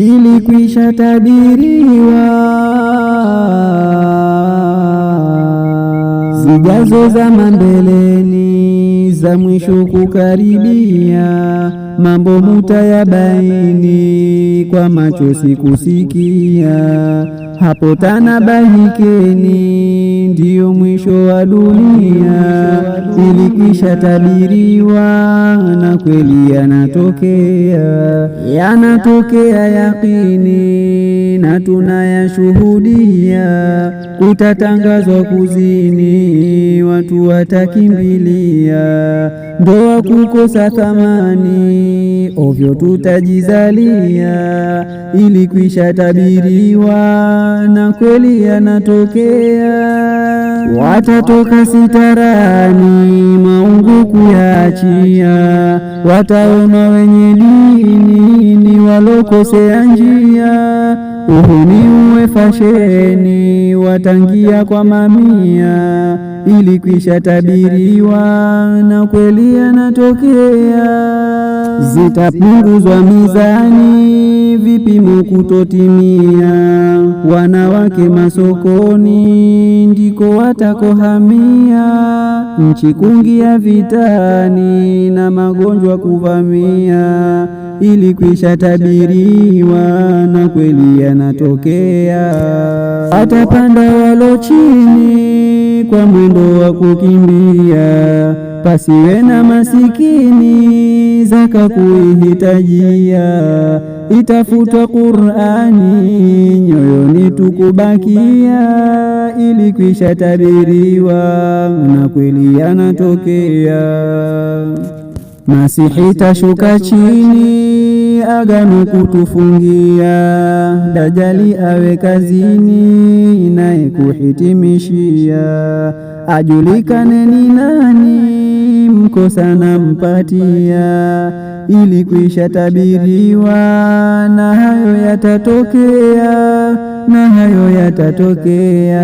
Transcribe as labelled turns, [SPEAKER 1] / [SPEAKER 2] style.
[SPEAKER 1] ilikwisha tabiriwa zijazo za mambele za mwisho kukaribia, mambo mutayabaini, kwa macho sikusikia. Hapo tanabahikeni, ndiyo mwisho wa dunia, ilikwisha tabiriwa na kweli yanatokea, yanatokea yakini tunayashuhudia, kutatangazwa kuzini, watu watakimbilia, ndoa kukosa thamani, ovyo tutajizalia, ili kwisha tabiriwa na kweli yanatokea. Watatoka sitarani, maungu kuyaachia, wataona wenye dini ni walokosea njia uwe fasheni watangia kwa mamia, ili kwisha tabiriwa na kweli yanatokea. Zitapunguzwa mizani, vipimo kutotimia, wanawake masokoni ndiko watakohamia, nchi kungia vitani na magonjwa kuvamia ilikwisha tabiriwa na kweli yanatokea. Atapanda walo chini kwa mwendo wa kukimbia, pasiwe na masikini zaka kuihitajia. Itafutwa Qur'ani nyoyoni tukubakia ilikwisha tabiriwa na kweli yanatokea. Masihi tashuka chini agano kutufungia, Dajali awe kazini, inayekuhitimishia. Ajulikane ni nani, mkosa nampatia, ili kuisha tabiriwa, na hayo yatatokea, na hayo yatatokea.